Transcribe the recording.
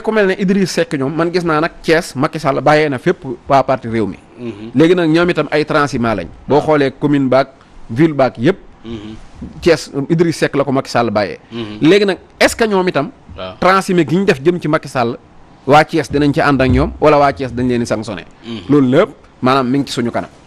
ku mel ne Idriss Seck ñoom man gis naa nag Thiès Macky Sall bàyyee na fépp waa parti réew mi mhm. léegi nag ñoom itam ay transhumants lañ boo ah. xoolee commune baak ville baak yëpp cees mhm. Idriss Seck la ko Macky Sall bàyyee mhm. léegi nag est-ce que ñoom itam ah. transhumé gi ñu def jëm ci Macky Sall waa Thiès dinañ ci ànd ak ñoom wala waa Thiès dañ leen di sanctionné loolu lépp maanaam mi ngi ci suñu kanam